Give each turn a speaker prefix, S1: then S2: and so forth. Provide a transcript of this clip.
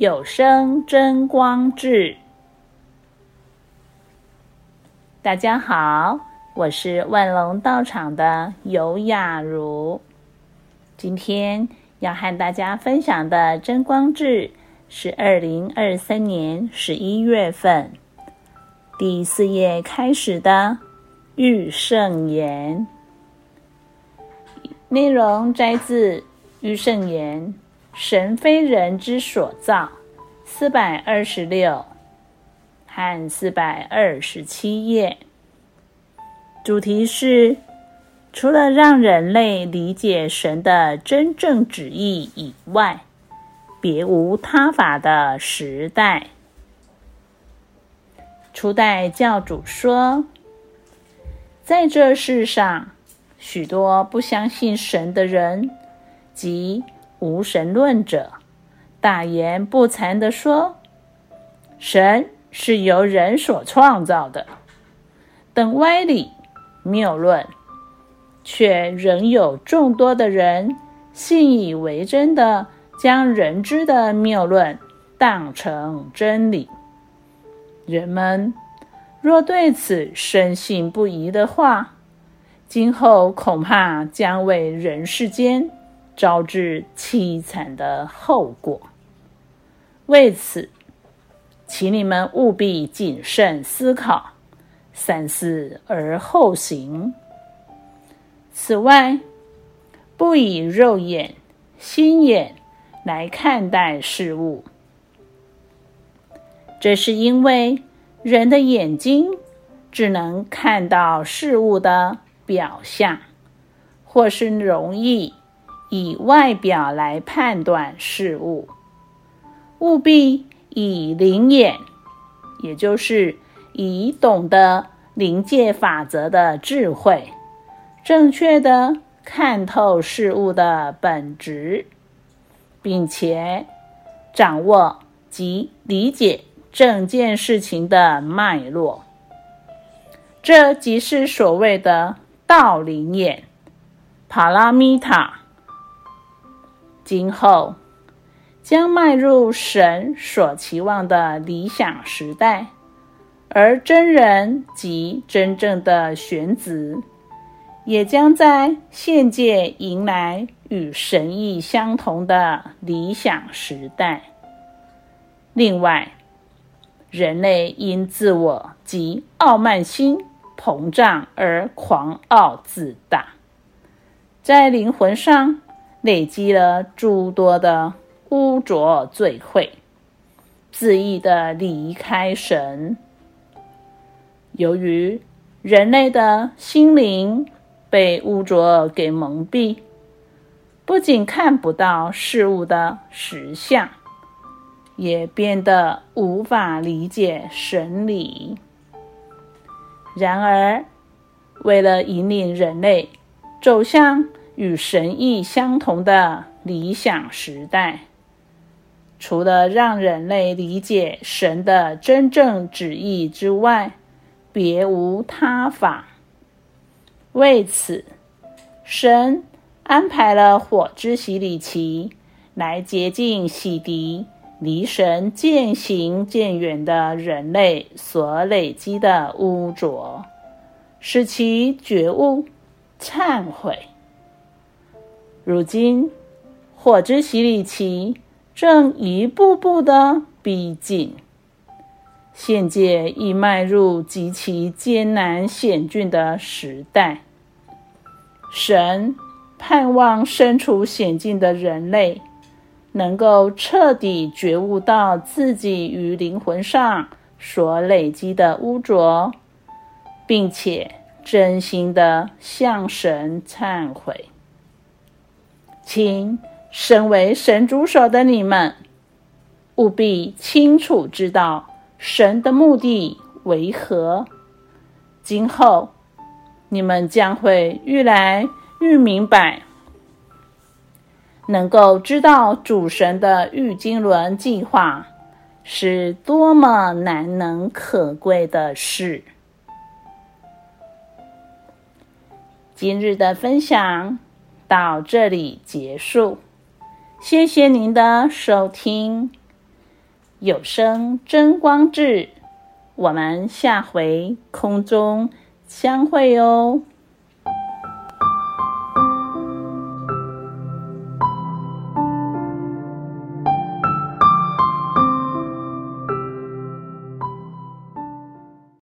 S1: 有聲真光誌，大家好，我是萬隆道場的游雅如。今天要和大家分享的真光誌是二零二三年十一月份第四頁開始的《御聖言》，內容摘自《御聖言》。神非人之所造，四百二十六和四百二十七頁。主題是：除了讓人類理解神的真正旨意以外，別無他法的時代。初代教主說，在這世上，許多不相信神的人，即無神論者大言不慚地說：“神是由人所創造的”等歪理謬論，卻仍有眾多的人信以為真的，將人知的謬論當成真理。人們若對此深信不疑的話，今後恐怕將為人世間，招致淒慘的後果。為此，請你們務必謹慎思考，三思而後行。此外，不以肉眼、心眼來看待事物。這是因為人的眼睛只能看到事物的表象，或是容易，以外表來判斷事物，務必以靈眼，也就是以懂得靈界法則的智慧，正確的看透事物的本質，並且掌握及理解整件事情的脈絡。這即是所謂的道靈眼，帕拉米塔。今後將邁入神所期望的理想時代，而真人及真正的玄子也將在現界迎來與神意相同的理想時代。另外，人類因自我及傲慢心膨脹而狂傲自大，在靈魂上，累積了諸多的污濁罪穢，恣意的離開神。由於人類的心靈被污濁給蒙蔽，不僅看不到事物的實相，也變得無法理解神理。然而，為了引領人類走向……與神意相同的理想時代，除了讓人類理解神的真正旨意之外，別無他法。為此，神安排了火之洗禮器，來潔淨洗滌離神漸行漸遠的人類所累積的污濁，使其覺悟、懺悔。如今，火之洗禮期正一步步的逼近，現界已邁入極其艱難險峻的時代。神盼望身處險境的人類，能夠徹底覺悟到自己與靈魂上所累積的污濁，並且真心地向神懺悔。請身為神助手的你們，務必清楚知道神的目的為何。今後，你們將會愈來愈明白，能夠知道主神的御經綸計劃，是多麼難能可貴的事。今日的分享，到這裡結束，謝謝您的收聽。有聲真光誌，我們下回空中相會哦。